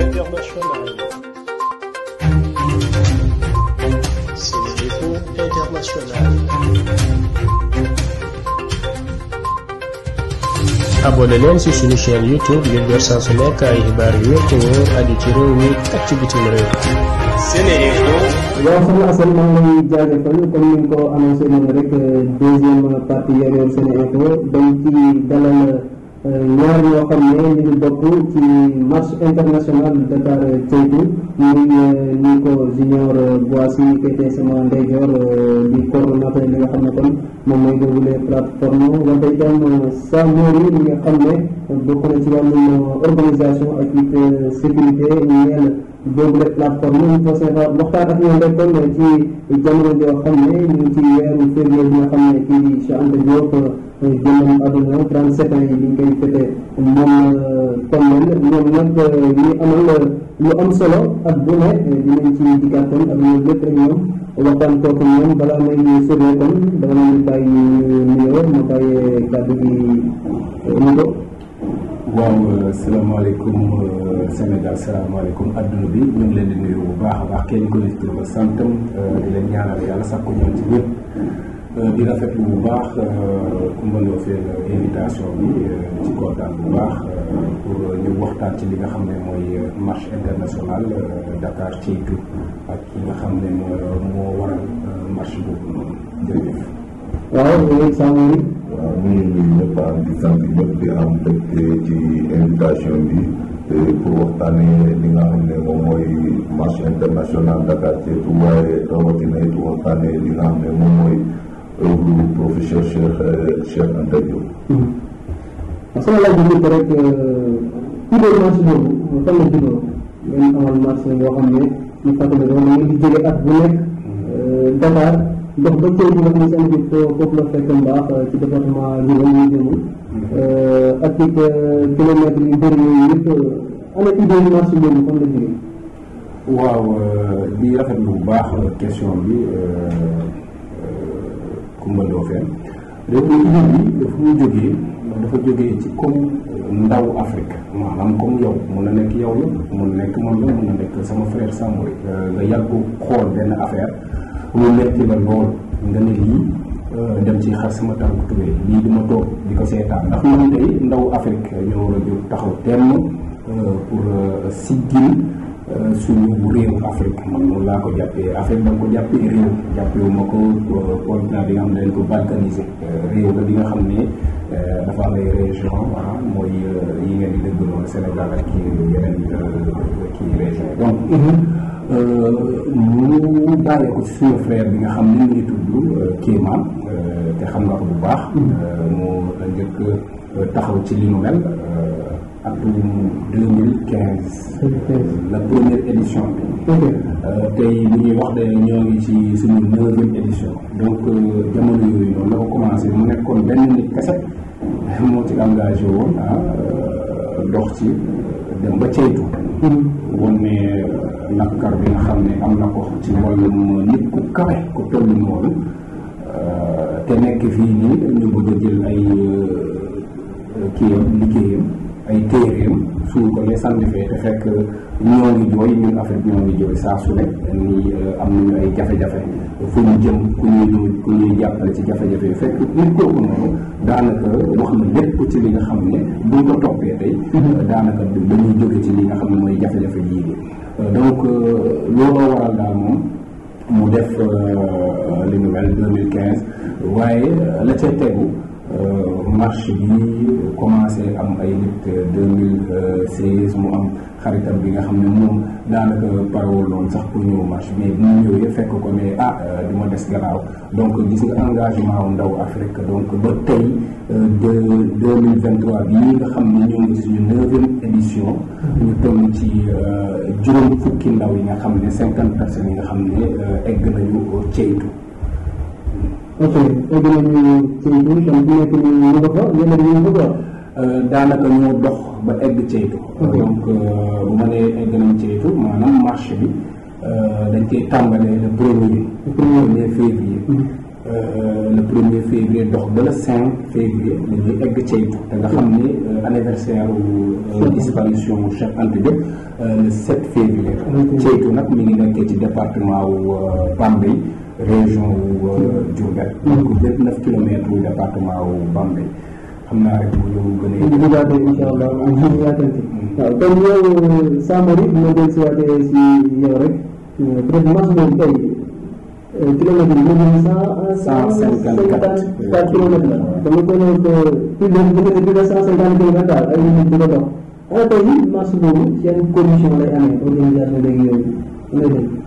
internationale. C'est l'info internationale. abonné leen ci suñu chaîne YouTube ngir jot saa su nekk ay xibaar yu wér te wóor aju ci réew mi i ci bitim réew. SeneInfo. waaw sama asal maa ngi lay jaajëfal comme ni ñu ko annoncé noonu rek deuxième partie Yeewi SeneInfo ñaar yoo xam ne ñu ngi bokk ci marche internationale Dakar Ceytu euh, ñu ngi ko junior euh, Boissy féetee sama ndeyjoor euh, di coordonnateur li nga xam ne kon moom mooy googulee plateforme wante itam Samori yi nga xam ne bokk na ci wàllum organisation ak it sécurité ñeel boobu la plateforme il faut savoir waxtaan ak ñoom rek kon ci jamono joo xam ne ñu ngi ci weeru février bi nga xam ne génnoon àdduna 37 ans yi ñu ngi koy moom Tomel euh, ñoom nag euh, ñu amal euh, lu am solo ak bu ne dinañ ci dikkaatam ak ñoom lépp rek ñoom waxtaan kooku ñoom balaa may sori kon dama leen di bàyyi nuyoo ma bàyyee kàddu gi ñu ko. waaw salaamaaleykum Sénégal salaamaaleykum adduna bi ñu leen di nuyu bu baax a baax kenn ku nekk santam di leen ñaanal yàlla sakku ñoom ci ñëpp. Euh, di rafetlu bu baax Coumba euh, Ndoffène euh, invitation bi ci kontaan bu baax pour ñu waxtaan ci li nga xam ne mooy marche internationale Dakar ci Thiès ak ki nga xam ne moo moo waral marche boobu ne moom xam ne moom mooy. œuvre du professeur Cheikh euh, Cheikh Anta Diop. sama hmm. laaj rek euh, idée marché boobu fan la juddoo ngeen amal marché boo xam ne ñu fàttali ko mu ngi jóge at bu nekk euh, Dakar dox ba Thiel bi nga xam ne si amati foofu la fekk mbaax ci département Louga ñu jëm hmm. ak it kilomètres yu bëri yooyu yëpp ana idée marché boobu fan la jóge waaw di rafetlu bu baax question bi. Kumba Ndoofeen dafa ñu jógee dafa jógee ci comme euh, ndaw Afrique maanaam comme yow mun na nekk yow la mun nekk man la mun na nekk sama frère Samori euh, nga yàgg xool benn affaire mu metti la lool nga ne lii euh, dem ci xar sama tànk tubéy lii dama toog di ko seetaan ndax man tey ndaw Afrique ñoo war a jóg taxaw temm pour siggil suñu réew Afrique man noonu laa ko jàppee Afrique dama ko jàppee réew jàppewu ma ko euh, continent bi nga ko balkanisé réew bi nga xam ne euh, euh, dafa am ay région mooy yi ngeen di dégg noonu Sénégal ak kii yeneen kii région donc mu daale ko suñu frère bi nga xam ne mu ngi tudd te xam nga ko bu baax mu mm-hmm. njëkk taxaw ci li atum 2015. 2015 la première édition bi. ok euh, tey li ñuy wax de ñoo ngi ci suñu neuvième édition. donc euh, jamono yooyu noonu la ko commencé mu nekkoon benn nit kese moo ci engagé woon ah euh, dox ci dem ba ceytu. Mm-hmm. woon ne nappkat bi nga xam ne am na ko ci wàllum nit ku kawe ku toll noonu te nekk fii nii ñu bëgg jël ay kii liggéeyam. ay téeréem suñ ko ne sànni fee te fekk ñoo ngi jooy ñun Afrique ñoo ngi jooy saa su ne ni euh, am nañu ay jafe-jafe fu ñu jëm ku ñuy jàppale ci jafe-jafe yi fekk nit kooku noonu daanaka wax na lépp ci li nga xam ne buñ ko toppee tey daanaka dañuy jóge ci li nga xam ne mooy jafe-jafe yii bi euh, donc euh, looloo waral daal moom mu def li ñu mel 2015 waaye la ca tegu Euh, marche bi commencé am ay nit 2016 euh, euh, mu am xaritam bi nga xam ne moom daanaka parewul loon sax pour ñëw marche mais bu ñu ñëwee fekk ko ne ah du des gannaaw donc gis nga engagement ndaw Afrique donc ba tey de 2023 bii nga xam ne ñoo ngi suñu neuvième édition ñu toll ci juróom fukki ndaw yi nga xam ne cinquante personnes yi nga xam ne egg nañu ceytu ok léegi nag ñu ci émission bi nekk nii ñu nga fa yeneen ñu nga fa. daanaka ñoo dox ba egg ceytu. donc euh, bu ma nee egg nañ ceytu maanaam marché bi euh, dañ koy tàmbalee le premier. le premier février. Mhm. Euh, le premier février dox ba le cinq février dañuy egg ceytu. te nga xam ni anniversaire wu disparition Cheikh Anta Diop le sept février. ceytu nag mi ngi nekk ci département wu Bambey. région wu euh, Diourbel. donc vingt neuf kilomètres wu département wu Bambey xam naa rek bu ñu gënee. ñu dugaatee incha allah ñu dugaatante. Mm. waaw kon yow euh, Samori ma dellu si waatee si yow rek peut être marche boobu tey euh, kilomètre bi moom cent cent cinquante quatre kilomètres la. te mu gënoon plus de plus de cent cinquante kilomètres daal ay minutes di ko dox. ah tey marche boobu seen condition lay amee organisation léegi yooyu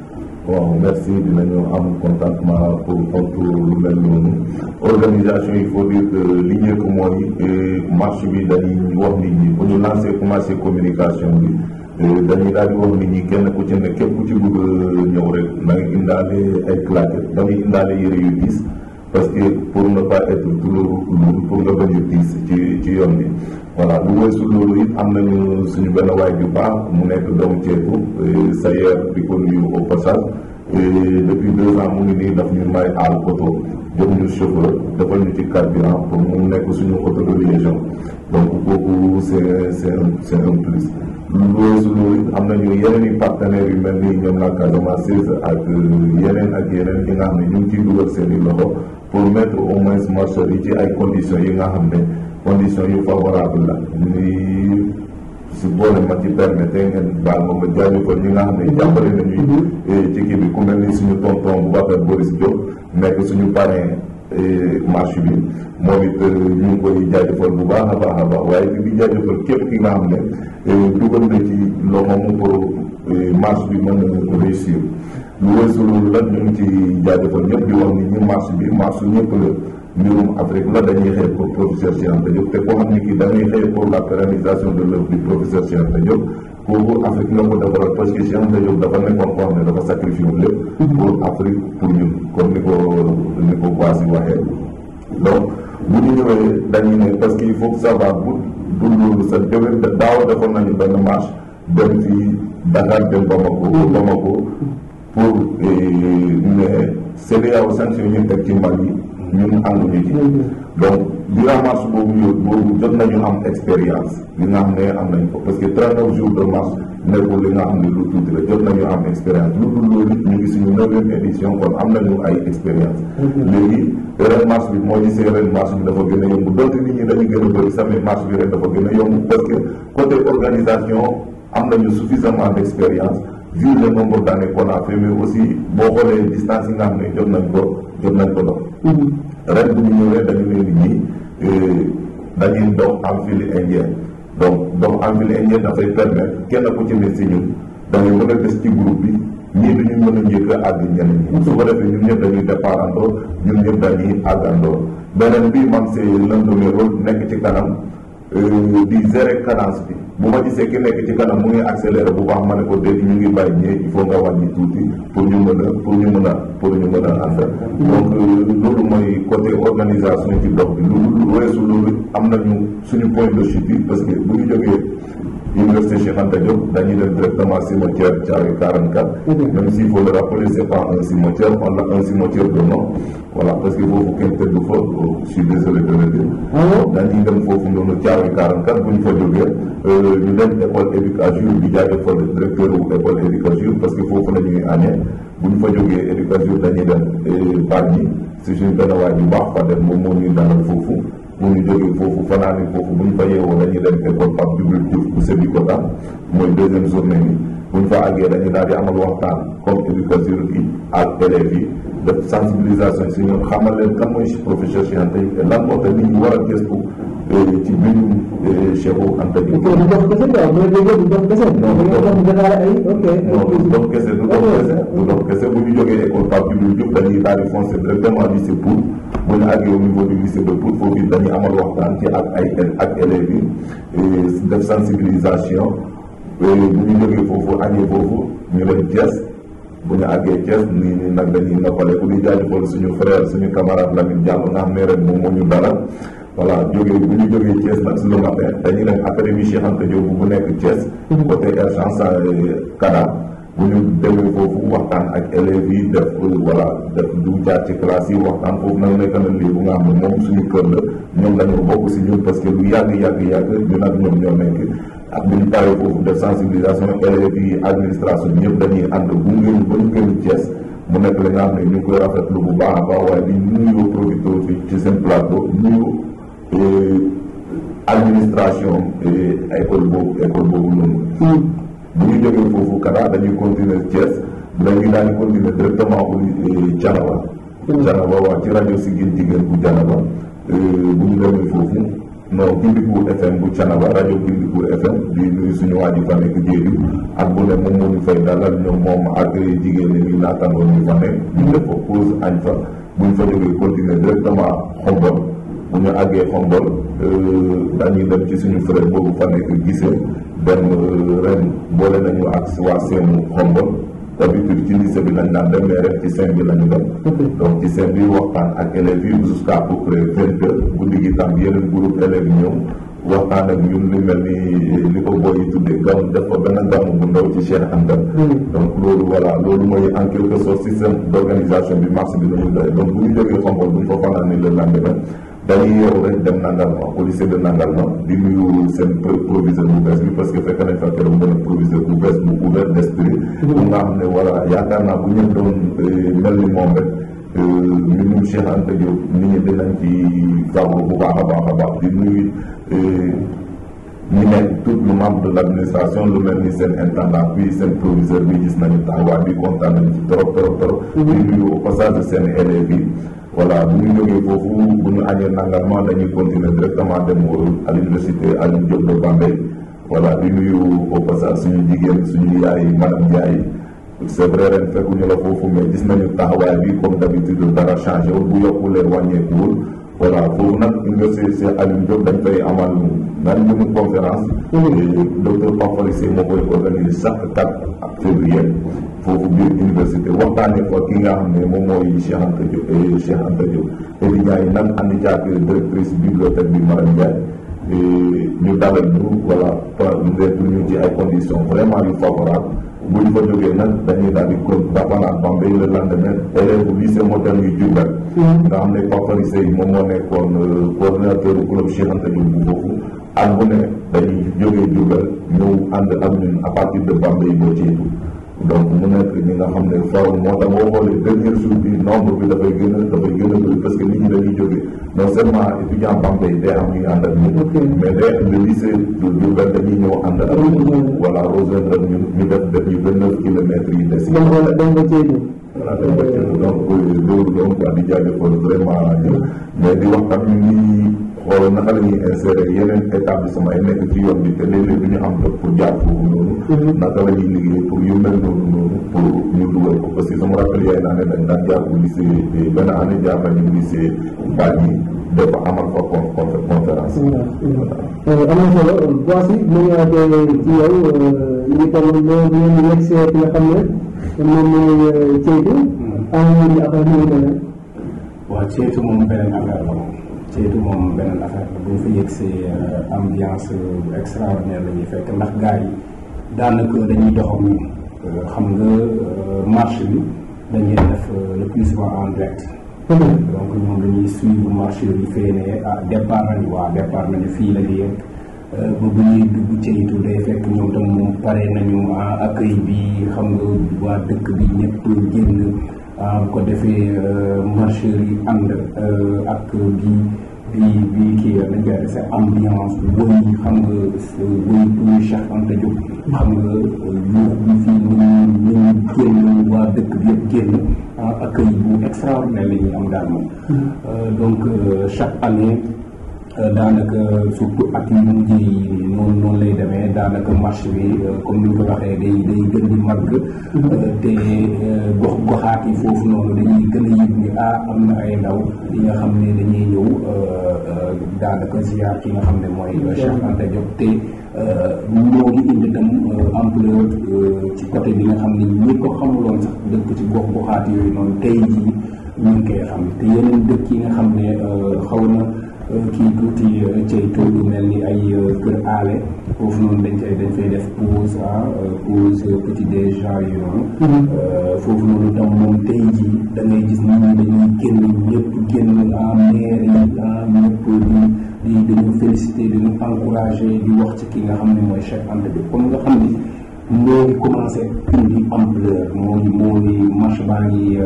bon merci dinañu am contentement pour tontu lu mel noonu organisation il faut dire que li njëkk mooy euh, marche bi dañuy wax nit ñi bu ñu lancé commencé communication bi euh, dañuy daal di wax nit ñi kenn ku ci ne ku ci bëgg ñëw rek na nga indaale ay claquettes da nga indaale yére yu diis parce que pour ne pas être toujours lourd pour nga bañ a diis ci ci yoon bi. voilà lu weesu loolu it am nañu suñu benn waay bu baax mu nekk doomu ceebu Sayer di ko nuyu au passage depuis deux ans mu ngi nii daf ñu may aal oto jox ñu chauffeur defal ñu ci carburant pour mu nekk suñu oto de liaison donc kooku c'est c'est un lu weesu loolu it am nañu yeneen i partenaires yu mel ni ñoom la Casamance ak euh, yeneen ak yeneen yi nga xam ne ñu ngi ciy dugal seen i loxo pour mettre au moins marché yi ci ay conditions yi nga xam condition yu favorable la ni si boole ma ci permettre ngeen baal moom ma jaajëfal ñi nga xam ne jàppale nañuy mhm. eh, ci kii bi ku mel ni suñu tonton Boubacar Boris Diop nekk suñu parrain eh, marché bi moom it euh, ñu ngi koy jaajëfal bu baax a baax a baax waaye bi di jaajëfal képp ki nga xam ne eh, dugal na ci loxoom pour marché bi mën a réussir lu weesu loolu la ñu ngi ci jaajëfal ñëpp di wax ni ñu marché bi marché ñëpp la mbirum Afrique la dañuy xëy pour professeur Cheikh Anta Diop te koo xam ne kii dañuy xëy pour la pérennisation de l'œuvre du professeur Cheikh Anta Diop kooku Afrique nga ko defaral parce que Cheikh Anta Diop dafa nekkoon koo xam ne dafa sacrifié lépp pour Afrique pour ñun comme ni ko ni ko Bassy waxee donc bu ñu ñëwee dañuy ne parce que il faut que ça va bu dul loolu sa déwén daaw defoon nañu benn marche dem fii Dakar dem Bamako Bamako pour eh, ne CEDEAO sanction ñu teg ci ñun ànd nit mm-hmm. donc durant marche boobu yóbbu boobu jot nañu am expérience li nga xam ne am nañ ko parce que 39 jours de marche nekkul li nga xam ne lu tuuti la jot nañu am expérience lu dul loolu ñu ngi suñu neuvième édition kon am nañu ay expérience mm-hmm. léegi ren marche bi moo gisee ren marche bi dafa gën a yomb nit ñi dañu gën a bi ren dafa gën a yomb parce que côté organisation am nañu suffisamment d'expérience vu le nombre d'années qu'on a fait mais aussi boo xoolee distance yi nga xam ne jot nañ ko jot nañ ko dox Mm-hmm. ren bu ñu ñëwee dañu ne nit ñi dañuy dox en file indien donc dox en file indien dafay permettre kenn ku ci ne si ñun dañuy mën a des ci groupe bi ñii dañuy mën a njëkk a àgg ñeneen ñi su ko defee ñun ñëpp dañuy départandoo ñun ñëpp dañuy àggandoo beneen bii man c'est l'un de nekk ci kanam euh, di gérer cadence bi bu ma gisee ki nekk ci kanam mu ngi accéléré bu baax ma ne ko dégg ñu ngi bàyyi ñee il faut nga wàññi tuuti pour ñu mën a pour ñu mën a pour ñu mën a ànd donc euh, loolu mooy côté organisation ci dox bi lu weesu loolu am nañu suñu point de chute parce que bu ñu jógee Université ant a Diop dañuy dem directement cimetière Thiaroye 44. Mm-hmm. même s'il faut le rappeler c'est pas un cimetière on a un cimetière de nom voilà parce que foofu kenn tëdd fa oh, je suis désolé de le dire. Mm-hmm. dañuy dem foofu noonu Thiaroye 44 bu ñu fa jógee euh, ñu dem école éducation bi jaay directeur école éducation parce que foofu la ñuy bu ñu fa jógee éducation dañuy dem par euh, ñi si suñu benn bu baax fa dem moom moo ñuy dalal foofu. mu ngi jógee foofu fanaani foofu bu ñu fa yeewoo dañuy dem école Pape Djibril Diouf bu Sébikotane mooy deuxième journée bi buñ fa àggee a daal di amal waxtaan comme éducateur yi ak élèves def sensibilisation si ñoom xamal leen kan mooy professeur Cheikh Anta Diop lan moo tax nit ñi war a gëstu eh, ci mbirum eh, Cheikh Anta Diop. ok du dox kese quoi kese. non kese du kese du kese bu ñu jógee école Pape Djibril Diop dañuy daal di directement lycée Poul bu ñu àggee au niveau du lycée de Poul foofu it amal waxtaan ci ak ak élèves eh, def sensibilisation. bu ñu jógee foofu àggee foofu ñu dem Thiès bu ñu àggee Thiès nii nii nag dañuy noppale ku di jaajëfal suñu frère suñu camarade Lamine Diallo nga xam ne ren moom moo ñu dara voilà jógee bu ñu jógee Thiès nag le matin dañuy dem académie Cheikh Anta Diop bu nekk Thiès. Mm-hmm. côté Air France Kada. Euh, bu ñu demee foofu waxtaan ak élèves yi def voilà def du jaar ci classe yi waxtaan foofu nag nekk na lii bu nga xam ne moom suñu kër la ñoom dañoo bokk si ñun parce que lu yàgg yàgg yàgg ñu nag ñoom ñoo nekk ak bu paree foofu def sensibilisation élèves yi administration ñëpp dañuy ànd bu ngeen ba ñu gën Thiès mu nekk la nga xam ne ñu ngi koy rafetlu bu baax baax waaye di nuyoo profité fi ci seen plateau nuyoo euh, administration euh, école boobu école boobu bu ñu jógee foofu Kara dañuy continuer Thiès dañuy daal di continuer directement bu Thiénaba Thiénaba waaw ci rajo Siggil Jigéen bu Thiénaba euh, bu ñu demee foofu non Gindiku FM bu Thiénaba rajo Gindiku FM di nuyu suñu waa ji fa nekk jéegi ak bu ne moom moo ñu fay dalal ñoom moom ak jigéen ñi naatangoo ñu fa nekk ñu def ko añ fa bu fa jógee continuer directement xombol bu ñu àggee xombol Euh, dañuy dem ci suñu frère boobu fa nekk gisee dem euh, ren boole nañu ak waa seenu xombol d'habitude ci lycée bi lañ daan dem mais ren ci seen bi lañu dem donc ci seen bi waxtaan ak élèves yi jusqu'à peu près vingt guddi gi tam yeneen groupe élèves yi ñoom waxtaan ak ñun li mel ni li ko booy tuddee gam def ko benn gàmm bu ndaw ci Cheikh Anta hmm. donc loolu voilà loolu mooy en quelque sorte d'organisation bi marché bi lañu doy donc bu ñu jógee xombol bu ñu dañuy yow rek dem Nangalma au de Nangalma di nuyu seen proviseur bu bees bi parce que fekk nañ fa keroog benn proviseur bu bees bu ouvert d'esprit bu mmh. nga xam ne voilà yaakaar naa bu ñëpp doon euh, mel ni moom rek minum euh, Cheikh Anta dinañ ci fawru bu baax a baax a baax di nuyu euh, ñi nekk tout le membre de l'administration lu mel ni seen intendant bi seen proviseur bi gis nañu taxawaay bi kontaan nañu ci trop trop trop mmh. di nuyu au passage seen voilà bu ñu jógee foofu bu ñu añee nangarment dañuy continuer directement dem à l'université Alioune Diop de Bambey voilà di nuyu au passage suñu jigéen suñu yaay madame Ndiaye c'est vrai ren fekkuñu la foofu mais gis nañu taxawaay bi comme d'habitude dara changé wul bu yokkulee wàññeekuwul voilà boobu nag université Cheikh Aliou Diop dañ koy amal naan ñu mu conférence. docteur Pampalé Seye moo koy organiser chaque quatre février foofu biir université waxtaanee ko ki nga xam ne moom mooy Cheikh Anta Diop Cheikh Anta Diop étudiants yi nag ànd jaag directrice bibliothèque bi Maram Ndiaye. ñu dalal ñu voilà par ñu ci ay conditions vraiment yu bu ñu fa jógee nag dañuy daal di ko dafal à Bambey le lendemain élève lycée moderne yu Diourbel hmm. nga xam ne Papa Rissé yi moom moo nekkoon euh, coordonnateur du club Cheikh Anta Diop bu foofu at bu ne dañuy jógee Diourbel ñëw ànd ak ñun à partir de Bambey boo ceetu donc mu nekk ñi nga xam ne forme moo tax boo xoolee dernier jour bi nombre bi dafay gën a dafay gën a bëri parce que nit ñi dañuy jógee non seulement étudiant Bambey day am ñu ànd ak ñun mais day am le lycée de Diourbel dañuy ñëw ànd ak ñun voilà rejoindre ak ñun ñu def def ñu vingt neuf kilomètres yi des voilà dañ ko donc euh, loolu donc waa di jaajëfal vraiment ñun euh, mais di wax ak ñu nii wala naka la ñuy insérer yeneen établissement yi nekk ci yoon bi te léeg-léeg du ñu am jot pour jàpp noonu mhm. naka la ñuy liggéey pour yu mel noonu noonu pour ñu dugal ko parce que sama rappel yaay naa ne dañ daan jàpp lycée benn année jàpp nañu lycée Bargny dafa amal fa conférence mhm. Mhm. Euh, am na solo voici mu ngi àgg ci yow euh, ñu ngi toll loolu ñu yegg see ki nga xam ne moom mooy ceytu euh, am na ñu après ñu ngi waaw ceytu moom beneen affaire la Thiétou moom beneen affaire la euh, bu ñu fa yëgsee ambiance extraordinaire la fekk ndax gars yi daanaka dañuy dox ak euh, xam nga euh, marché bi dañuy def le plus souvent en direct. Mm-hmm. donc ñoom dañuy suivre marché bi fee ne ah, nañu waa départ nañu fii la di yëpp ba bu ñuy dugg Thiétou day fekk ñoom tam moom pare nañu ah, accueil bi xam nga waa dëkk bi ñëpp génn. bu ko defee euh, marcheurs ànd euh, ak bi bi bi kii def ambiance booy xam nga booy booy Cheikh Anta Diop xam nga yuux bi fii ñu ñu génn waa dëkk bi yëpp génn ah, accueil bu extraordinaire la am daal moom mm. euh, donc chaque année Euh, daanaka surtout ak yu mujj yi noonu noonu lay demee daanaka marché bi euh, comme ni ñu ko waxee day day gën di màgg. Euh, te gox goxaat yi foofu noonu dañuy gën a yëg ni ah, am na ay ndaw yi nga xam ne dañuy ñëw daanaka ziar ki nga xam ne mooy ci côté bi nga xam ne ñi ko xamuloon sax dëkk ci gox goxaat yooyu noonu tey jii ñu koy xam te yeneen dëkk yi nga xam ne xaw na. Euh, kii tuuti euh, ceytu lu mel ni ay euh, kër aale foofu noonu dañ koy dañ fay def pause ah, pause petit déj ah, yu mm-hmm. foofu noonu tam moom tey jii da ngay gis nit dañuy génn ñëpp génn ah maire yi di dañu félicité dañu encouragé di wax ci ki nga xam ne mooy chef entreprise comme nga xam ni. moo ngi commencé indi ampleur moo ngi moo baa ngi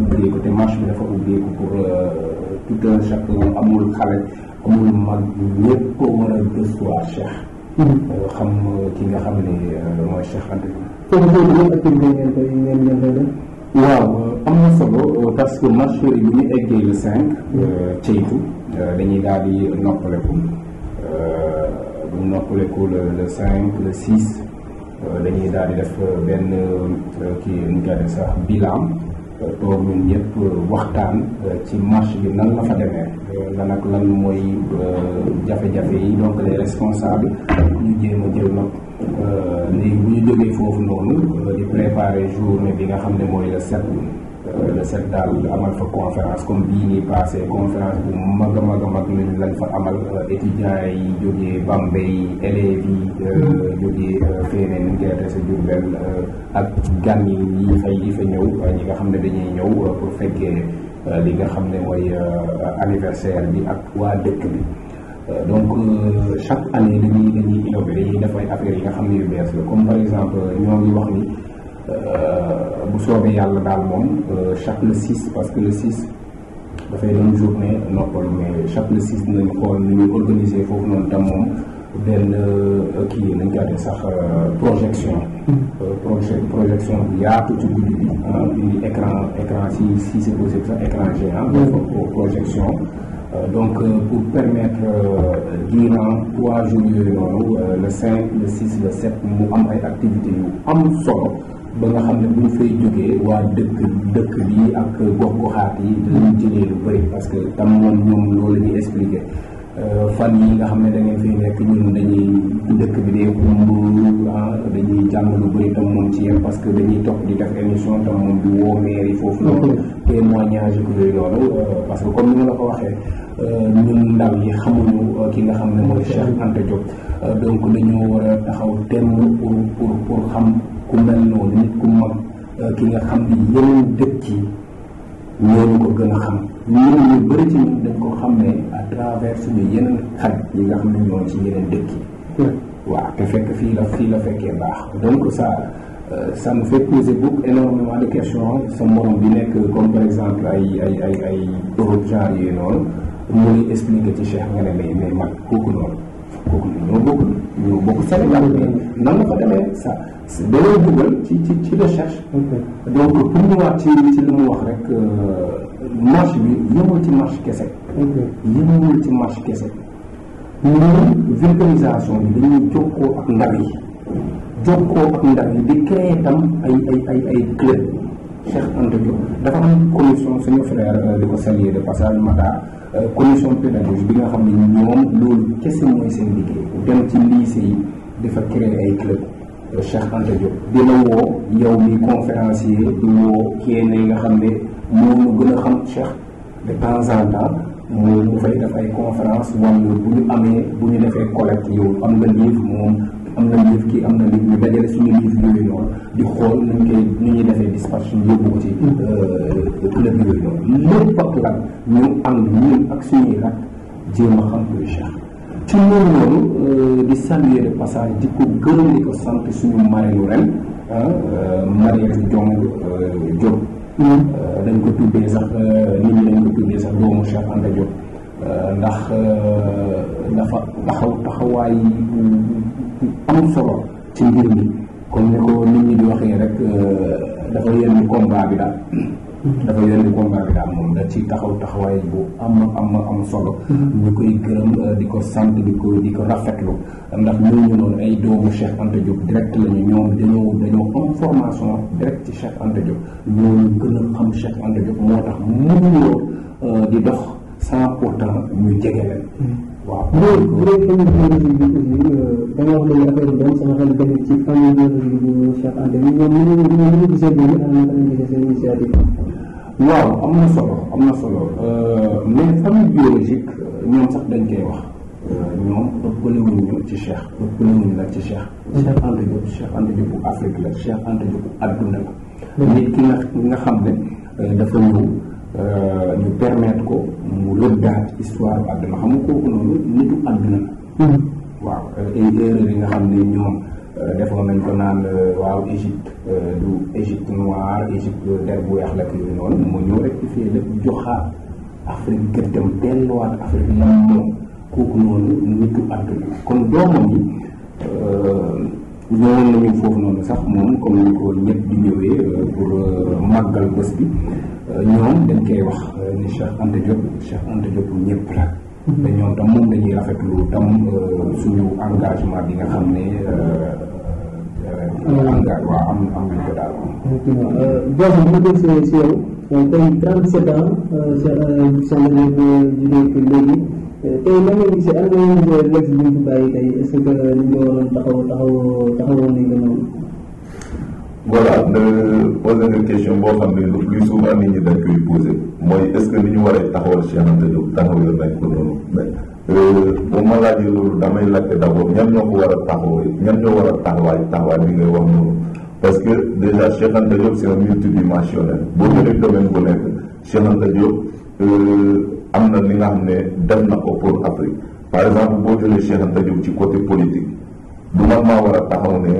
ubbeeku te marché bi dafa ubbeeku pour. tout un chacun amul xale amul mag ñëpp koo mën a gëstuwaat Cheikh. Mhm. xam euh, ki nga xam ne euh, mooy Cheikh Anta Diop. kon loolu activité yi ngeen koy ngeen ngeen koy def. waaw euh, am na solo parce que marché bi ñu eggee le cinq. Mhm. ceytu dañuy daal di noppaleku bu ñu noppaleku le le cinq le six dañuy daal di def benn kii nu ñu koy def sax bilan. toog ñun ñëpp euh, waxtaan euh, ci marche bi nan la fa demee euh, lan nag lan mooy jafe-jafe yi donc les responsables ñu jéem a jël mu léegi bu ñu jógee foofu noonu di préparer journée bi nga xam ne mooy le sept le SETDAL amal fa conférence comme bii nii passé conférence bu mag a mag a mag lañ lañ fa amal étudiants yi jógee Bambey élèves yi euh, mm-hmm. jógee euh, feneen ñu gerte sa Diourbel euh, ak gan yi yi fa ñëw ñi nga xam ne dañuy ñëw pour fekkee li nga xam ne mooy anniversaire bi ak waa dëkk bi donc chaque année dañuy dañuy innover dañuy def ay affaires yi nga xam ne yu bees la comme par exemple ñoo ngi wax ni Euh, bu soobee yàlla daal moom euh, chaque le 6 parce que le 6 dafay doon journée noppal mais chaque le 6 dinañ xool nu ñu organiser foofu noonu tam moom benn euh, kii nañ ko sax projection hmm. projet projection bi yaatu ci guddi bi indi ah, écran écran si si c'est sax écran géant hmm. pour projection donc pour permettre durant trois jours noonu le 5 le 6 le 7 mu am ay activité yu am solo ba nga xam ne bu ñu fay jógee waa dëkk dëkk bi ak gox-goxaat yi dañuy jëlee lu bëri parce que tam moom ñoom loolu la ñuy euh, fan yi nga xam ne da ngeen fay nekk ñun dañuy dëkk bi dee xumb ah dañuy jàng lu bëri tam moom ci yéen parce que dañuy topp di def émission tam moom di woo maire foofu loolu témoignage ko euh, parce que comme ni mu la ko waxee euh, ñun ndaw yi xamuñu ki nga xam ne mooy Cheikh Anta Diop donc dañoo war a taxaw temm pour pour pour xam ku mel noonu nit ku mag euh, ki nga xam ni yeneen dëkk yi ñooñu ko gën a xam ñun ñu bëri ci ñun dañ ko xam ne à travers suñu yeneen xaj yi nga xam ne ñoo ci yeneen dëkk yi te fekk fii la fii la fekkee baax donc ça sa euh, nous fait poser beaucoup énormément de questions sa morom bi nekk comme par exemple ay ay ay ay Europe genre yooyu noonu mu expliquer ci Cheikh nga ne mais mais mag kooku noonu kooku ñoo bokk ñoo bokk Sénégal bi nan la fa demee ça dañoo dugal ci ci ci recherche donc pour ñu wax ci ci li mu wax rek euh, marche bi yëmul ci marche kese yëmul ci marche kese ñun bi dañuy jokkoo ak ndaw yi jokkoo ak ndaw yi di créer tam ay ay ay club Cheikh Anta Diop dafa am commission suñu frère euh, di ko saluer de passage Mata Euh, commission pédagogique bi nga xam ne ñoom loolu kese mooy seen liggéey dem ci lycée yi dafa créer ay club euh, Cheikh Anta dina woo yow mi conférencier di woo kenn yi nga xam ne moom gën a xam Cheikh de temps en temps moom mu fay def ay conférence wala bu ñu amee bu ñu defee collecte yow am nga livre moom am na lëf kii am na li ñu dajale suñu livre yooyu noonu di xool ni ñuy defee dispatching yóbbu ko ci club yooyu noonu lépp ak lan ñu ànd ñun ak suñuy rak jéem a xam kuy Cheikh ci loolu noonu euh, di saluer de passage di ko gërëm di ko sant suñu marraine ren euh, Mariette euh, Diom Diop dañ ko tuddee sax nit ñi dañ ko tuddee sax doomu Cheikh Anta Diop ndax dafa taxaw taxawaay am solo ci mbir mi comme ni ko nit ñi di waxee rek euh, dafa yenn combat bi daal dafa yenn combat bi daal moom da ci taxaw taxawaay bu am am am solo ñu koy gërëm euh, di ko sant di ko di ko rafetlu ndax ñooñu noonu ay doomu Cheikh Anta Diop direct lañu ñoom dañoo dañoo am formation direct ci Cheikh Anta Diop ñooñu gën a xam Cheikh Anta moo tax mënuñoo euh, di dox sans pourtant ñu jege leen waaw loolu wax léegi affaire bi dem sama xel dem ci famille bi Cheikh Anta ñoom am na solo am na solo euh, mais famille biologique ñoom sax dañ koy wax. Euh, ñoom ëppalewuñu ci Cheikh ëppalewuñu la ci Cheikh. Cheikh Anta Afrique la Cheikh Anta Diop bu la. Mm-hmm. nit ki nga nga xam ne euh, dafa ñëw. Euh, ñu permettre ko mu rëddaat histoire bu àdduna xam kooku noonu nitu àdduna la. Mm-hmm. waaw ay euh, erreur yi nga xam ni ñoom euh, defoon nañ ko naan waaw Égypte du Égypte noir Égypte der bu weex la ak yooyu noonu moo ñëw rectifier lépp joxaat Afrique gëddam delluwaat Afrique la mm-hmm. kooku noonu nitu àdduna kon doomam yi. ñëwoon nañu foofu noonu sax moom comme ni ko ñëpp di ñëwee euh, pour euh, màggal bés bi euh, ñoom dañ koy wax ni Cheikh Anta Diop Cheikh Anta la. te ñoom tam moom dañuy rafetlu tam suñu engagement bi nga xam ne. engrais waaw am am ko daal. boobu bu ñu dégg si yow tey 37 ans sa sa sa léegi tey nan nga gisee am na lex bu ñu fi bàyyi tey est ce ngi waroon taxaw taxaw taxawoon nañ ko noonu. voilà nga boo xam ne le plus souvent nit ñi dañ koy posé mooy est que ni ñu waree taxawal Cheikh Anta Diop taxawal nañ ko noonu mais euh, bu ma laajee loolu damay laajte d' abord ñan ñoo ko war a taxawee ñan ñoo war a taxawaay taxawaay bi ngay wax noonu parce que déjà Cheikh Anta Diop c' est un multidimensionnel boo jëlee domaine bu nekk Cheikh Anta euh, am na li nga xam ne def na ko pour Afrique par exemple boo jëlee Cheikh Anta ci côté politique du man maa war a taxaw ne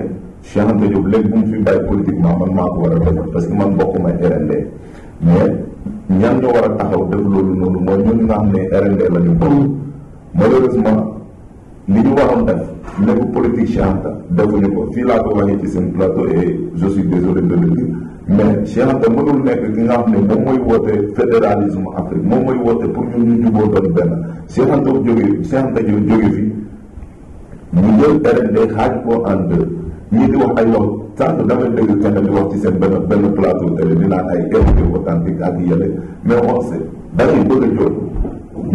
Cheikh Anta Diop bu mu fi bàyyi politiquement man maa ko war a defar parce que man bokkuma RND mais ñan ñoo war a taxaw def loolu noonu mooy ñun nga xam ne RND la ñu bokk malheureusement ñu waroon def nekk politique Cheikh Anta defuñu ko fii laa ko waxee ci seen plateau et je suis désolé de le mais Cheikh Anta mënul nekk ki nga xam ne moom mooy woote fédéralisme Afrique moom mooy woote pour ñun ñu juboo doon benn Cheikh Anta jóge Cheikh Anta jóge fi ñu jël RND xaaj ko en deux ñii di wax ay wax sànq damay dégg kenn di wax ci seen benn benn plateau télé di naan ay hérité authentique ak yële mais wax se da ngay bëgg a jóg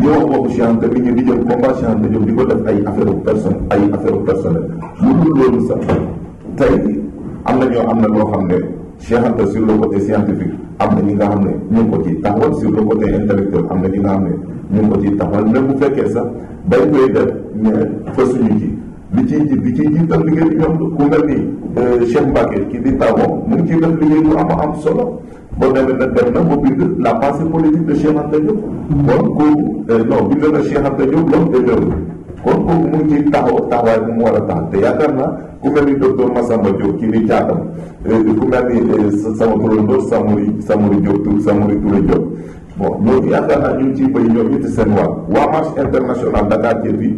ñu wax waxu Cheikh Anta bi ñu di jël combat a Anta Diop di ko def ay affaire personne ay affaire personnelle lu dul loolu sax tey am na ñoo am na loo xam ne Cheikh Anta sur le côté scientifique am na ñi nga xam ne ñu ngi ko ci taxawal sur le côté intellectuel am na ñi nga xam ne ñu ngi ko ci taxawal même bu fekkee sax dañ koy def mais fasuñu ci li ciy ji li ciy jiital liggéey bi ñoom ku mel ni euh, Cheikh Mbacke kii di taawoo mu ngi ciy def liggéey bu am am solo boo demee nag dem na ba bind la pensée politique de Cheikh Anta Diop. kon kooku euh, non bind na Cheikh Anta Diop l'homme de l'œuvre kon kooku mu ngi ciy taxaw taxawaay bu mu war a tax te yaakaar naa ku mel ni docteur Massamba Diop kii di caatam eh, ku mel ni eh, sama turandoo Samori Samori Diop tur Samori Touré Diop bon ñooñu yaakaar naa ñu ci ciy béy ñoom it seen waar waa marché international Dakar Thiès bi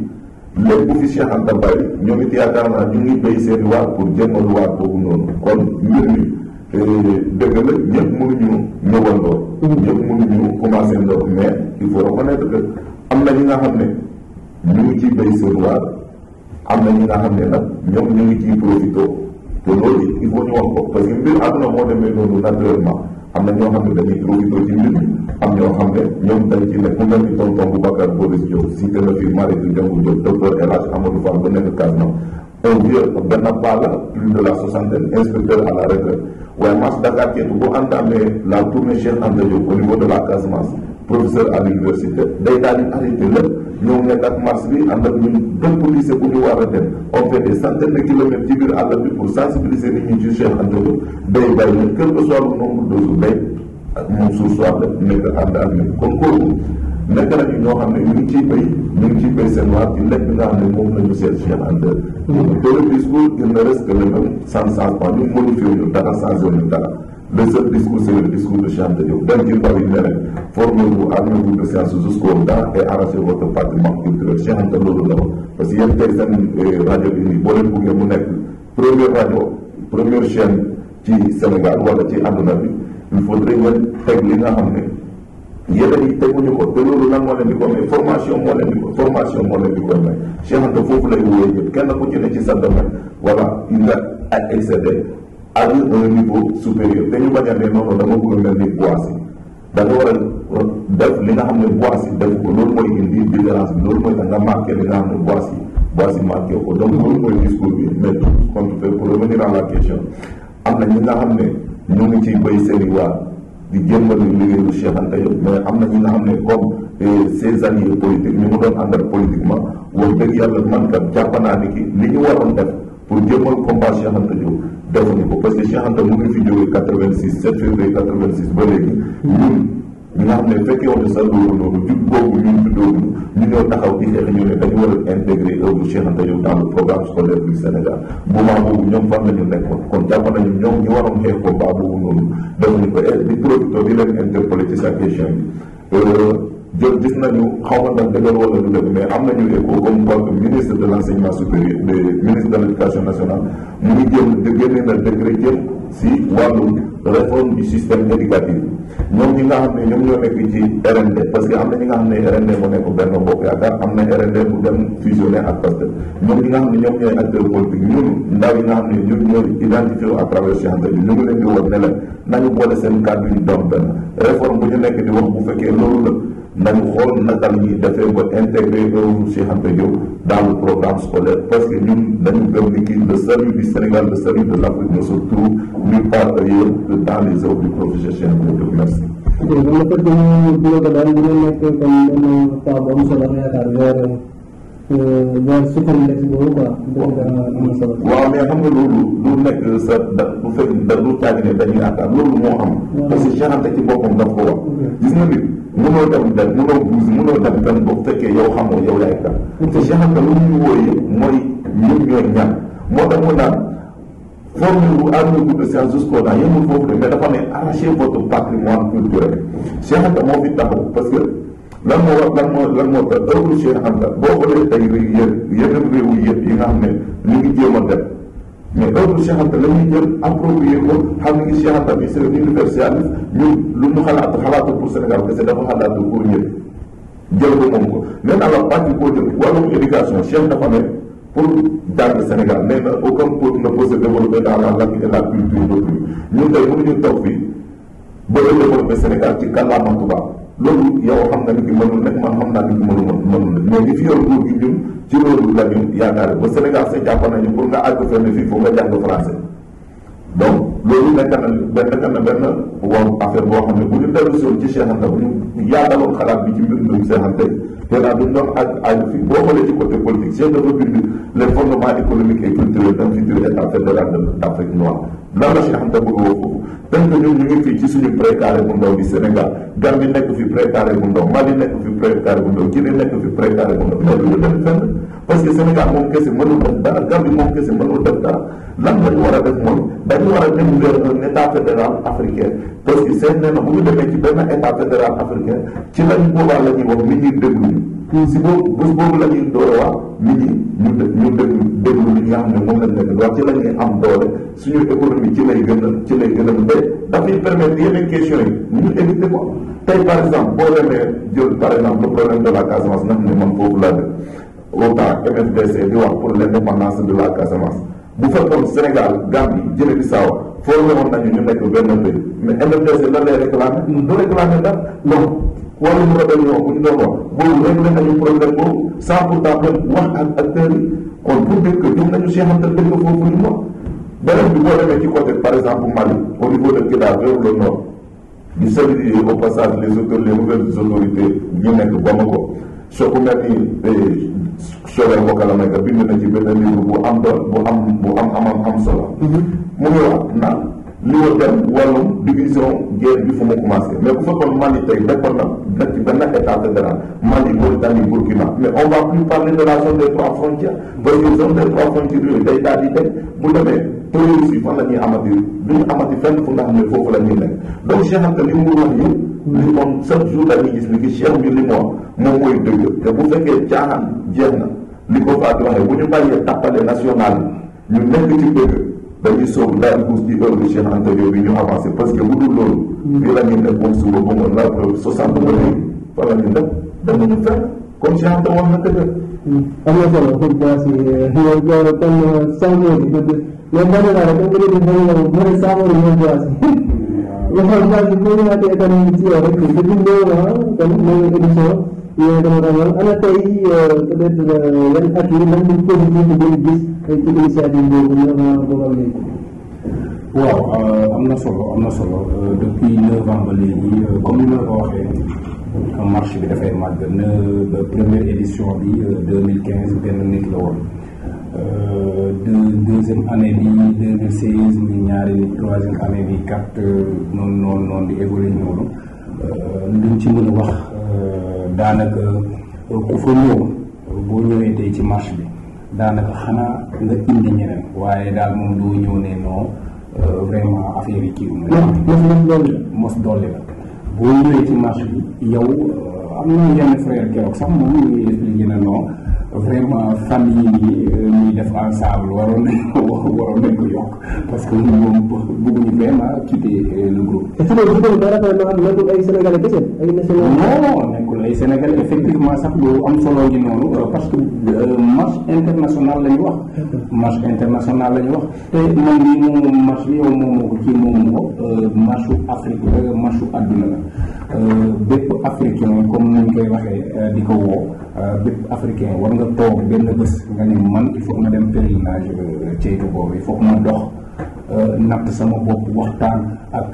lépp bu fi Cheikh Anta Baye ñoom it yaakaar naa ñu ngi béy seen waar pour jëmmal waar boobu noonu kon mbir eh, dëgg la ñëpp mënuñu ñëwandoo. ñëpp mënuñu commencé ndox mais il faut reconnaître que am na ñi nga xam ñu ngi ciy béy seen waar am na ñi nga xam ne nag ñoom ñu ngi ciy profito te loolu il faut ñu wax ko parce que mbir àdduna moo demee noonu naturellement am na ñoo xam ne dañuy profito ci mbir am ñoo xam ne ñoom dañ ci nekk ku mel ni tonton Boubacar Boris Diop si dana fi Marie du Diop docteur El Hadj Amadou Fall ba nekk Casamance un vieux benn a la plus de la soixantaine inspecteur à la retraite waaye Mass Dakar Thiétou boo entamé la tournée Cheikh Anta Diop au de la professeur à l'université day daal di arrêté lépp ñëw nekk bi ànd ak ñun bépp lycée war a dem on fait des centaines de kilomètres ci biir àll bi pour sensibiliser nit ñi ci Cheikh Anta Diop day bàyyi ne quel que soit le nombre de jours day moom suuf la nekk ànd ak ñun kon kooku nekk nañu ñoo xam ne ñu ngi ciy béy ñu ngi ciy béy seen waar ci lekk nga xam ne moom nañu seet Cheikh Anta te mm-hmm. le discours il ne reste que le même ça ne change pas ñu modifié ñu le seul discours c'est le discours de Cheikh Anta Diop dem yi ne leen formez-vous à un groupe de sciences jusqu'au dents et arrachez votre patrimoine culturel Cheikh Anta loolu la parce que yéen tey seen euh, rajo bi nii boo leen mu nekk première rajo première chaîne ci senegal wala ci àdduna bi il faudrait ngeen teg li nga xam ne yéen a ngi teguñu ko te loolu lan moo leen di ko may formation moo leen di ko formation moo leen di ko may Cheikh Anta foofu lay wóoree ñëpp kenn ci ne ci sa domaine voilà il a excédé àgg un niveau supérieur te ñu bañ a ne noonu dama bëgg mel ni Boissy da nga war a def li nga xam ne Boissy def ko loolu mooy indi différence bi loolu mooy tax nga marqué li nga xam ne Boissy Boissy marqué ko donc loolu mooy discours bi mais tout compte fait pour revenir à la am na ñi nga xam ne ñu ngi ci béy seen i di jéemal ni liggéeyu Cheikh Anta Diop mais am na ñi nga xam ne comme eh, ses alliés politiques ñu mu doon àndal politiquement wax naa ni ki li def pour jëmmal combat Cheikh Anta Diop ko parce que Cheikh Anta mu ngi fi jógee 86 7 février 86 ba léegi. ñun ñu nga xam ne fekkee woon sax loolu noonu jub boobu ñun tuddooguñu ñu ñoo taxaw ci xeex ñu ne dañu war a intégrer œuvre Cheikh Anta Diop dans le programme scolaire du boobu ñoom fan la nekkoon kon jàpp ñoom ñu waroon xeex combat boobu noonu defuñu ko eh, di producteur di leen interpeller ci bi. Euh, jot gis nañu xaw ma ndax dëggal wala du dëgg mais am nañu écho comme quoi que ministre de l' supérieur de ministre de l' éducation mu ngi de génne na décret si wàllu réforme du système éducatif ñoom ñi nga xam ne ñoom ñoo parce que am na ñi nga xam ne ne ñooy acteur politique ñun ndaw yi nga xam ne ñun ñooy identifié à travers science bi ñu ngi leen di woon ne la nañu boole seen kàddu yi doon benn réforme bu ñu nekk di wax bu fekkee loolu la nañu xool naka la ñuy defee ba intégrer loolu Cheikh Anta Diop dans le programme scolaire parce que ñun dañu gëm ni kii le salut du Sénégal de l'Afrique ne se trouve nulle part ailleurs que dans les œuvres du professeur Cheikh Anta Diop merci. ok bu ma ko déggee Louga daal nekk comme benn pas bu nga loolu lu nekk sa da bu fekk da lu caag moo am. parce que Cheikh Anta ci boppam daf ko wax gis mënoo dem dal mënoo buus mënoo dab benn bu fekkee yow xamoo yow yaay dab te Cheikh Anta lu ñuy wooyee mooy ñun ñooy ñan moo tax mu naan formule bu àndul cours de science jusqu'au Coran yemul foofu de mais dafa ne arrachez votre patrimoine culturel Cheikh Anta moo fi taxaw parce que lan moo wax moo lan moo tax œuvre Cheikh Anta boo xoolee tey yenn yenn réew yëpp yi nga xam ne ñu ngi jéem a dem mais œuvre Cheikh Anta la ñuy jël approprié ko xam ne Cheikh a bi c'est un universaliste ñun lu mu xalaat xalaatu pour Sénégal kese dafa xalaatu pour ñëpp jël ko moom ko nee naa la parti politique wàllum éducation Cheikh dafa ne pour jàng Sénégal nee na aucun peuple ne peut se développer dans la langue et la culture d'autrui ñun tey mënuñu toog fii ba développer Sénégal ci kàllaama loolu yow xam nga ni bi mënul nekk man xam naa ni bi mënul mënul nekk mais li fi yor nguur gi ñun ci loolu la ñu ba Sénégal sa jàpp nañu pour nga àgg fenn fii foo nga jàng français donc loolu nekk na benn na benn waru affaire boo xam ne bu ñu dellusoon ci Cheikh Anta bu ñu yaataloon xalaat bi ci mbir mbirum Cheikh Anta te naa duñ doon àgg àgg fii boo xoolee ci côté politique j'ai développé les fondements économiques et culturels d'un futur état fédéral lan la Cheikh Anta bëgg woo foofu tant que ñu ngi fii ci suñu précaré bu ndaw di Sénégal Gambie nekk fi précaré bu ndaw Mali nekk fi précaré bu ndaw Guinée nekk fi précaré bu ndaw loolu ñu dem fenn parce Sénégal moom kese mënul def dara Gambie moom kese mënul def dara lan la war a def mooy dañu war a dem vers un état fédéral africain parce seen nee na bu ñu demee ci benn état fédéral africain ci lañ boobaa la ñi dégluñu hmm. si boobu bés boobu la la am doole suñu économie ci lay gën a ci lay gën a dundee dafay permettre yeneen questions yi ñu éviter ko tey par exemple boo demee jël par exemple le problème de la Casamance nga xam ne man foofu laa def autant MFDC di wax pour l' indépendance de la Casamance bu fekkoon Sénégal Gambie Guinée-Bissau formé woon nañu ñu nekk benn pays mais MFDC lan lay réclamé du réclamé ndax non wàllum rébellion bu ñu doon wax boobu réglé nañu problème boobu sans pourtant wax ak acteurs yi kon pour dire que ñoom nañu Cheikh Anta dëgg foofu ñu wax beneen bi boo demee ci côté par exemple Mali au niveau de Kidal vers le nord di saluer au passage les autorités les nouvelles autorités ñu nekk Bamako soo ku mel ni eh, Sower Bokalameka bind na ci benn livre bu am doon bu am bu am am am solo. Mhm. mu ngi wax naan. li ma dem wàllum division guerre bi fu mu commencé mais bu fekkoon Mali tey nekkoon na nekk ci benn état fédéral Mali Mauritanie Burkina mais on va plus parler de la zone des trois frontières parce que zone des trois frontières yooyu day daal di bu demee terrorisme fan la amati du amati fenn fu nga xam ne foofu la nekk donc Cheikh jour dañuy gis li ki Cheikh bi li moom mooy dëgg te bu fekkee caaxaan jeex na li ko faa di waxee bu ñu bàyyee tappale national dañuy soog daal pousse di œuvre Cheikh ñu avancé parce que bu loolu. fii la ñuy def moom suba ba mu la soixante ba léegi fa la ñuy def demuñu fenn comme Cheikh Anta solo comme ça si yow loolu comme cent mille bi dëgg yow bëri naa la comme léegi bëri na mu ne cent mille moom place bi. yow xam naa si communauté économique si yow rek dëgg loolu ah comme mooy émission. yooyu dama doon wax ana tey peut-être yan at yi lan lañ ko gis ngeen gis ci initiative boobu vraiment boobal ko. waaw euh, am na solo am na solo euh, depuis neuf ans ba euh, comme ni ma la waxee marché bi dafay màgg na première édition bi deux mille quinze benn nit la woon. deux deuxième année bi deux mille seize ñaari nit troisième année bi quatre noonu noonu noonu di évoluer noonu. Euh, luñ ci mën a wax euh, daanaka euh, ku fa ñëw boo ñëwee tey ci marché bi daanaka xanaa nga indi ñeneen waaye daal moom doo ñëw ne non vraiment affaire yi kii wu mos dolli la boo ñëwee ci marché bi yow am na yenn frère keroog sax moom ñu ngi na non vraiment famille yi ñuy euh, def waroon waroon yokk parce que moom bëgguñu vraiment quitter euh, le groupe. te su dee jigéen dara nekkul ay sénégalais ay nationaux. non nekkul ay sénégalais effectivement sax lu am solo ngi noonu euh, parce que marche internationale la ñu wax. marche internationale la ñu wax te man mii moom marche bi yow moom moo ko kii moom moo marche Afrique marche àdduna la bépp africain comme ni koy waxee di ko woo. Euh, bépp africain war nga toog benn bés nga ne man il faut que ma dem pèlerinage euh, ceytu boobu il faut ma dox euh, natt sama bopp waxtaan ak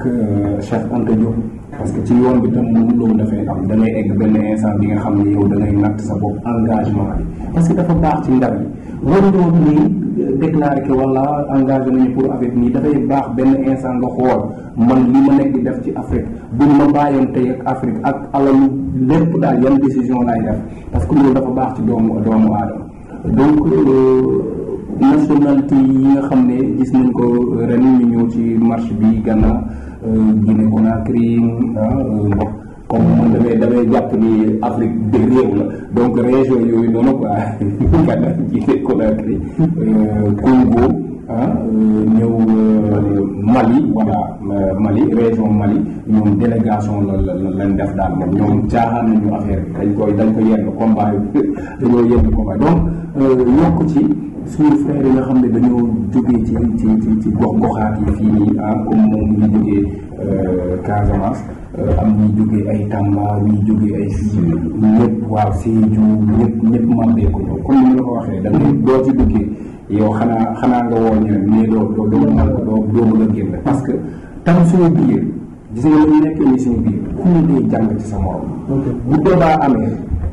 Cheikh Anta Diop parce que ci yoon bi tam moom loolu dafay am da egg benn instant bi nga xam ne yow da ngay natt sa bopp engagement bi parce que dafa baax ci ndar yi waruñoo nii déclaré que wala engagé nañu pour Afrique nii dafay baax benn instant nga xool man li ma nekk di def ci Afrique bu ñu ma bàyyoon tey ak Afrique ak alalu lépp daal yan décision laay def parce que loolu dafa baax ci doomu doomu aadama donc euh, nationalité yi nga xam ne gis nañ ko ren ñu ñëw ci marche bi Ghana euh, Guinée Conakry mbokk ah, euh, comme man damay damay jàpp ni Afrique dëgg la donc région yooyu noonu quoi Uganda Guinée Conakry euh, Congo ñëw euh, Mali voilà euh, Mali région Mali ñoom délégation la la lañ def daal moom ñoom caaxaan nañu bi dañ koy dañ ko yenn combat yi dañoo yenn combat donc euh, ci suñu frère yi nga ne dañoo jógee ci ci ci ci gox fii comme moom ñu jógee Casamance am ñuy jógee ay Tamba ñuy jógee ay Sédhiou ñëpp waaw Sédhiou ñëpp ñëpp comme ni ma la ko waxee da doo ci duggee yow xanaa xanaa nga woo ñeneen mais doo doo doo doo doo mën a génn parce que tam suñu biir gis nga lu nekk nii suñu biir ku ñu dee jàng ci sa morom. bu débat amee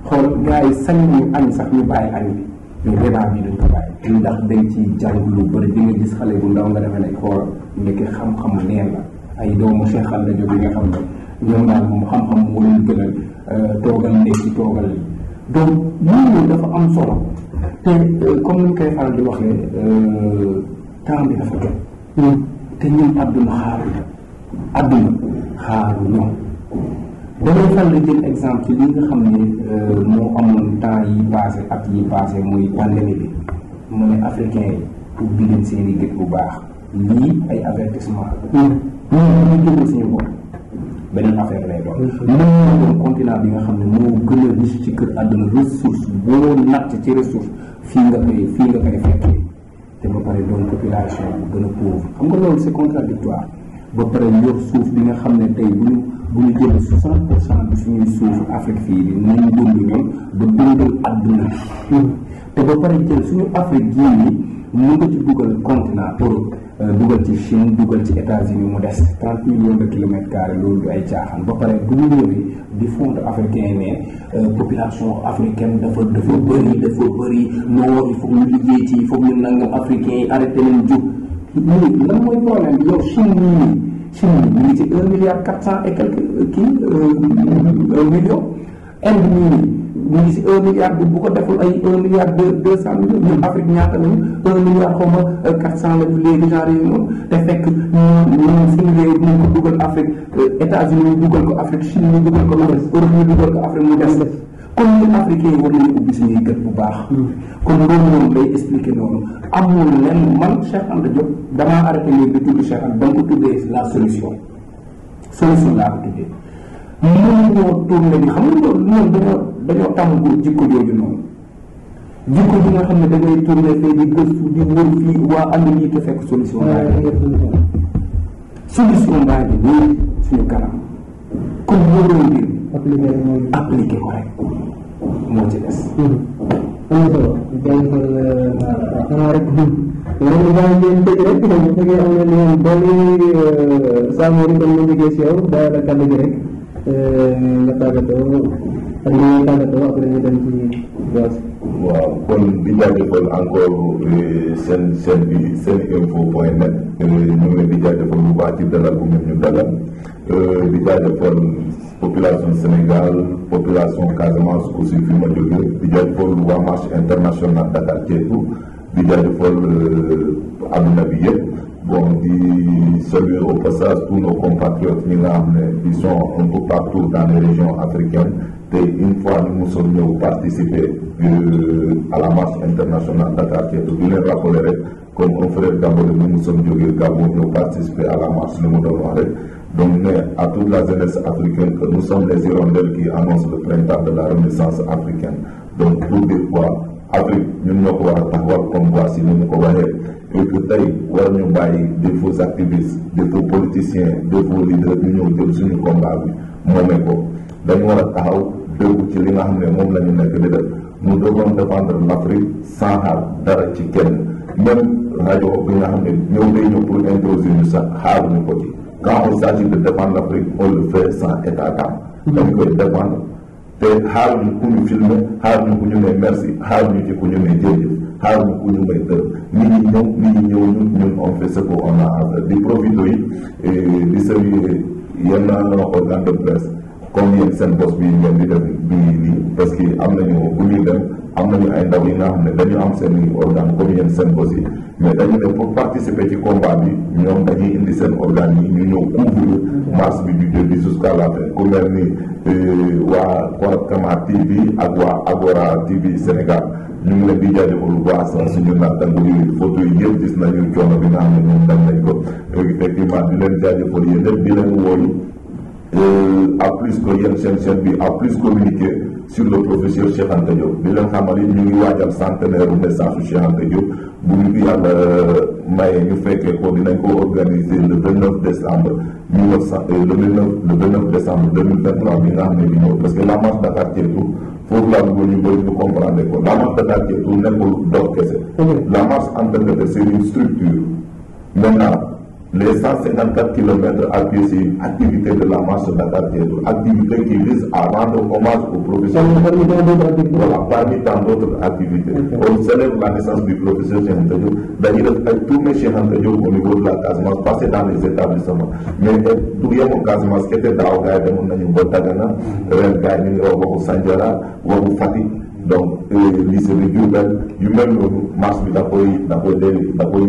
xool gars yi sañ ñu añ sax ñu bàyyi añ bi. mais débat bi duñ ko bàyyi. ndax dañ ci jàng lu bëri di nga gis xale bu ndaw nga defee ne xool ndeke xam-xam neen la ay doomu seexal la jóge nga xam ne ñoom daal moom xam-xam moo leen gënal euh, toogal nekk ci toogal yi donc loolu dafa am solo. te comme ni ñu koy faral di waxee euh, temps bi dafa jot. Hmm. te ñun àdduna xaaruñu àdduna xaaruñu damay faral di jël exemple li nga xam ne euh, moo amoon temps yi passé at yi passé muy pandémie bi mu ne africain yi ubbi leen seen i bu baax lii ay avertissement la. ñun ñu jógal seen bopp. beneen affaire lay doon. mën nañu doon continent bi nga xam ne moo gën a riche ci kër àdduna ressource boo natt ci ressource fii nga koy fii nga koy fekkee te ba pare doon population bu gën a pauvre xam nga loolu c'est contradictoire ba pare yor suuf bi nga xam ne tey bu ñu bu ñu jëlee 60 pour cent bi suñuy suufu Afrique fii bi nañ dund ñoom ba dundal àdduna hmm. te ba pare jël suñu Afrique gii nii mën nga ci dugal continent Europe. Euh, dugal ci Chine dugal ci États-Unis mu des trente millions de kilomètres carrés loolu du ay caaxaan ba pare bu ñu ñëwee di fond africain ne euh, population africaine dafa dafa bëri dafa bëri noor il faut ñu liggéey ci il faut nangam africain yi arrêté leen jub lii lan mooy problème Chine nii Chine ngi ci un milliard quatre cent et quelques euh, kii millions Inde ñu ngi si un milliard bu ko deful ay un milliard deux cent millions ñun Afrique ñaata lañu un milliard xaw ma euh, quatre cent lañu léegi genre yooyu noonu te fekk ñu ñun suñu réew ñu ko dugal Afrique euh, États-Unis ñu dugal ko Afrique Chine ñu dugal ko Afrique Europe ñu dugal ko Afrique mu des kon hmm. ko tuddee la solution solution laa ko tuddee mënuñoo tourné bi xam nga loolu noonu dafa dañoo tàmm ko jikko jooju noonu jikko bi nga xam ne da ngay tourné fee di di wër fii waa ànd ñi te fekk solution baa ngi nii suñu kanam kon wóoroon bi appliqué ko rek moo ci des am na solo rek dugg loolu ñu am na leen dolli Samori comme ni mu jógee si yow nga tàggatoo ak li di jaajëfal encore eh, seen seen bi seen info point net ñu ngi a di jaajëfal bu baax ci dalal bu ngeen ñu dalal euh, di jaajëfal population Sénégal a Casamance aussi fi ma jógee di jaajëfal waa marche internationale a Thiétou di jaajëfal adduna euh, bi yëpp bon di saluer au passage tous nos compatriotes ñi nga xam ne ils dans les régions africaines. te une fois ñu mosoon ñëw participer euh, à la marche internationale Dakar Thiès bi leen rappelé rek comme un frère Gabon ñu mosoon jógee Gabon ñëw participer à la marche lu mu doon wax rek donc mais à toute la jeunesse africaine que nous sommes les hirondelles qui annoncent le printemps de la renaissance africaine donc pour dire quoi Afrique ñun ñoo war a taxawal comme voici mu ko waxee et que tey war ñu bàyyi des faux activistes des faux politiciens des faux leaders ñu ñëw jël ko. dañ war a taxaw ci li nga xam moom la ñu nekk di def nous devons défendre l'Afrique sans xaar dara ci kenn rajo bi nga xam ne ñëw day ñëw pour introduire ñu sax xaaruñu ko ci quand on s'agit de défendre l'Afrique on le fait sans état d'âme dañ koy défendre te xaaruñu ñu filmé xaaruñu ku ñu ne merci xaaruñu ci ku ñu ne jërëjëf xaaruñu ku ñu may dër nit ñi ñëw nit ñi ñëw ñun on fait ce qu'on a à faire di profito yi eh, di sëñ yenn de presse comme yéen seen bos bi ngeen di def bii nii parce que am nañu bu ñuy dem am nañu ay ndaw yi nga xam ne dañu am seen organe comme yéen seen bos yi mais dañu ne pour participer ci combat bi ñoom dañuy indi seen organe yi ñu ñëw couvrir marche bi du début jusqu'à la fin ku mel ni euh, waa Kama TV ak waa Agora TV Sénégal ñu ngi leen di jaajëfal bu baax suñu naattango yooyu photo yi yëpp gis nañu coono bi nga xam ne ñoom dem nañ ko effectivement di leen jaajëfal yéen Euh, à plus que yéen seen seen bi à plus communiqué sur le professeur Cheikh Anta Diop bi leen xamal it ñu ngi waajal centenaire u naissance Cheikh Anta Diop bu ñu ko yàlla euh, maye ñu fekkee ko dinañ ko organiser le 29 décembre mille neuf cent euh, le 29 le 29 décembre 2023 bi nga xam ne bi ñëw parce que la marche Dakar Thiétou foofu laa bëggoon ñu bëri ñu comprendre ko la marche Dakar Thiétou nekkul dox kese mm-hmm. la marche en tant que telle une structure maintenant les 154 km à pied, c'est une activité de la marche Dakar Thiès-Toul, activité qui vise à rendre hommage aux professeurs. Parmi tant d'autres activités. Voilà, parmi tant d'autres activités. Okay. On célèbre la naissance du professeur Cheikh Anta Diop. D'ailleurs, tourner Cheikh Anta Diop au niveau de la Casamance, passer dans les établissements. Mais euh, du yemu Casamance, kété daaw gars yi demoon nañu ba Dagana, ren gars yi ñu ngi wax waxu Sandiara, waxu donc lycée de Diourbel yu mel noonu marche bi da koy da koy dee da koy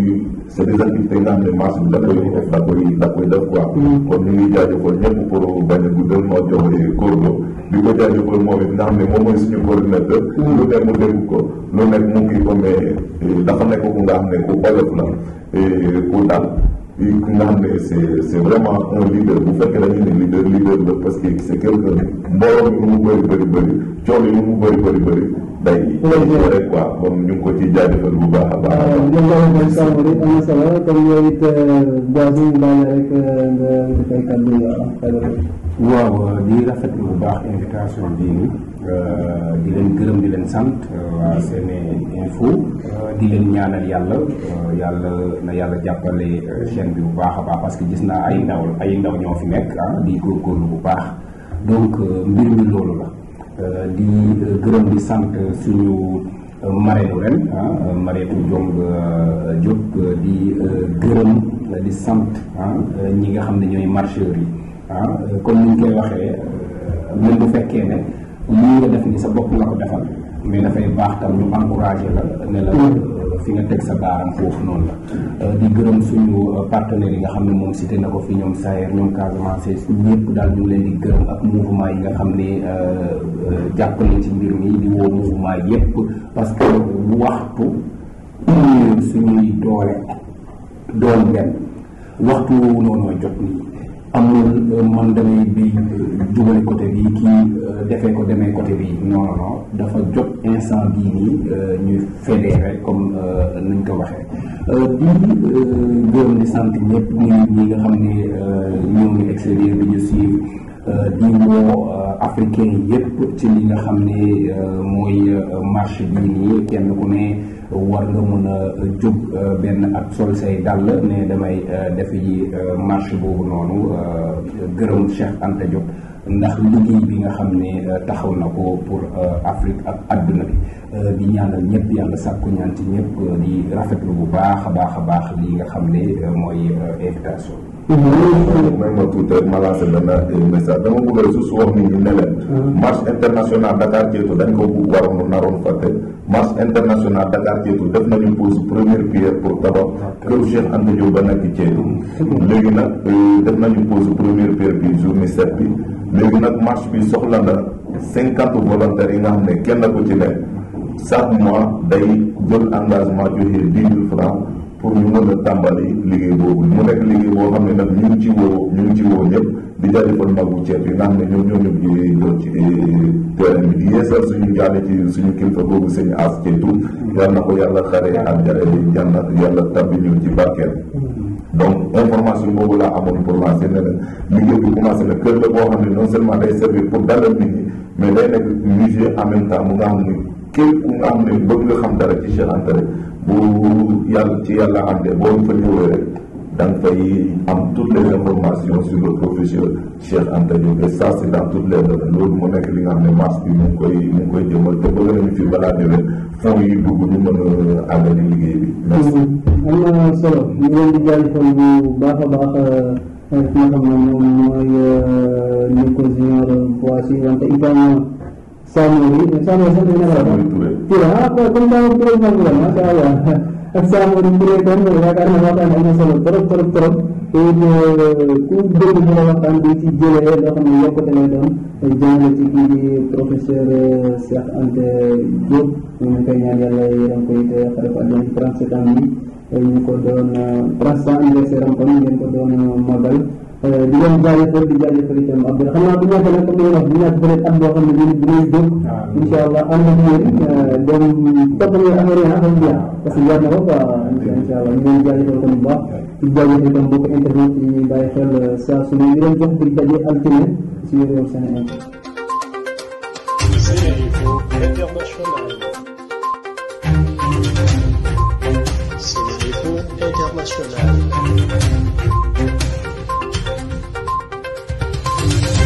c'est des activités nga xam ne marche bi da koy def da koy da koy def quoi. Mm. kon ñu ngi jaajëfal ñëpp pour bañ a guddal moo jox Kordo ko jaajëfal moom it nga xam ne moom mooy suñu coordinateur. Mm. lu ne mu dégg ko lu nekk mu ngi ko mais eh, ku nga xam ne ku oyof la eh, ku dal. li ki nga xam ne c'est c'est vraiment un leader bu fekkee dañu ne leader leader la parce que c'est quelqu'un mbooloo mi lu mu bëri bëri bëri coono yi lu day rek bu baax a baax a ah, baax. Euh, euh, waaw waaw mooy sàmm rafet bu baax invitation nii euh, di leen gërëm di leen sant waa SeneInfo di leen ñaaneel yàlla yàlla na yàlla jàppale chaîne bi bu baax a baax parce que gis naa ay ndaw ay ndaw ñoo fi nekk ah di góorgóorlu bu baax donc mbir mi loolu la. Euh, di euh, gërëm di sant euh, suñu mareenu ren ah mareetu Jong Diop di gërëm di sant ah, ñi nga xam ne ñooy marcheurs yi ah comme ni ñu koy waxee même bu fekkee ne mu nga def ni sa bopp nga ko defal mais dafay baax tam ñu encouragé la ne la. Mm. fi nga teg sa baaram foofu noonu la euh, di gërëm suñu euh, partenaires yi nga xam ne moom cité na ko fi ñoom Sayer ñoom Casamance ñëpp daal ñu ngi leen di gërëm ak mouvement yi nga xam ne euh, jàpp nañ ci mbir mi di woo mouvement parce que waxtu unir suñuy doole doon benn waxtu woowu noonu jot nii amul man damay bi jubale côté bi kii euh, defee ko demee côté bi non non dafa jot instant bii nii euh, ñuy fédéré comme euh, nañ ko waxee di gërëm di sant ñëpp ñi ñi nga xam ne ñoo ngi extérieur bi ñu suivre diinoo euh, africain yépp ci li nga xam ne euh, mooy euh, marché bii nii kenn ku ne war nga mën a jóg benn ak sol say dàll ne damay def yi marché boobu noonu gërëm Cheikh Anta Diop ndax liggéey bi nga xam ne taxaw na ko pour Afrique ak àdduna bi di ñaanal ñëpp yàlla sàkku ñaan ci ñëpp di rafetlu bu baax a baax a baax li nga xam ne mooy invitation may ma tuuti rek ma lancé benn message dama bëgg rek su wax nit ñi ne leen hmm. marche internationale Dakar Kétu dañ ko bugg waroon lu naroon fàtte marche internationale Dakar Kétu def nañu pose première pierre pour tabax këru Cheikh Anta Diop ba nekk Kétu léegi nag euh, def nañu pose première pierre bi journée sept bi léegi nag marche bi soxla na cinquante volontaires yi nga xam ne kenn ku ci nekk chaque mois day jël engagement joxe dix mille pour ñu mën a tàmbali liggéey boobu mu nekk liggéey boo xam ne nag ñu ngi ci woo ñu ngi ci woo ñëpp di jaajëfal magu ceeb yi nga xam ne ñoom ñoo ñëpp di eh, bi di yeesal suñu jaane ci suñu kilifa boobu sëñ as ceetu ko yàlla xare ak jare bi jànnat yàlla tabbi ñu ci barkeel donc information boobu laa amoon pour lancer ne la liggéey bi commencé na kër la boo xam ne non seulement day servir pour dalal nit ñi mais day nekk musée en même mu nga xam ne képp ku nga xam ne bëgg nga xam bu yàlla ci yàlla àndee boo fa ñëwee rek da nga fay am toutes les informations sur le professeur Cheikh Anta Diop et ça c'est toutes les domaines loolu moo nekk li nga xam ne marche bi mu ngi koy mu ngi koy jëmal te bëgg nañu fi balaa déwén fonds yi dugg ñu mën a àggali liggéey bi merci na solo ñu leen di jaajëfal bu baax a baax euh, euh, ki xam ne moom mooy euh, le coordinateur Boissy wante Ibrahima Samori Samori sax ah kon comme daaw kuréel nangu la macha allah ak saa moom kuréel tam yaakaar naa waxtaan am na solo trop trop trop te ku dégg mën a waxtaan bi ci jëlee loo xam ne yokkute lay doon jàngale ci kii di professeur Cheikh Anta Diop ñu ngi koy ñaan yàlla yërëm ko it xarit àdduna ci 37 ans yi ñu ko doon 300 anniversaire am kon ngeen ko doon màggal. Euh, di leen jaajëfal di jaajëfal itam ab xam naa bu ñu waxee nag comme li wax bu ñu waxee peut être at boo xam ne bii dinañ jóg. incha allah ànd ak yéen euh, dem toppatoo affaire yi alhamdulilah parce que jar na ko quoi incha allah ñu leen jaajëfal kon bu baax di jaajëfal itam mbokk internet yi ñuy bàyyi xel euh, saa su ne ñu leen jox di daje altine si Sénégal international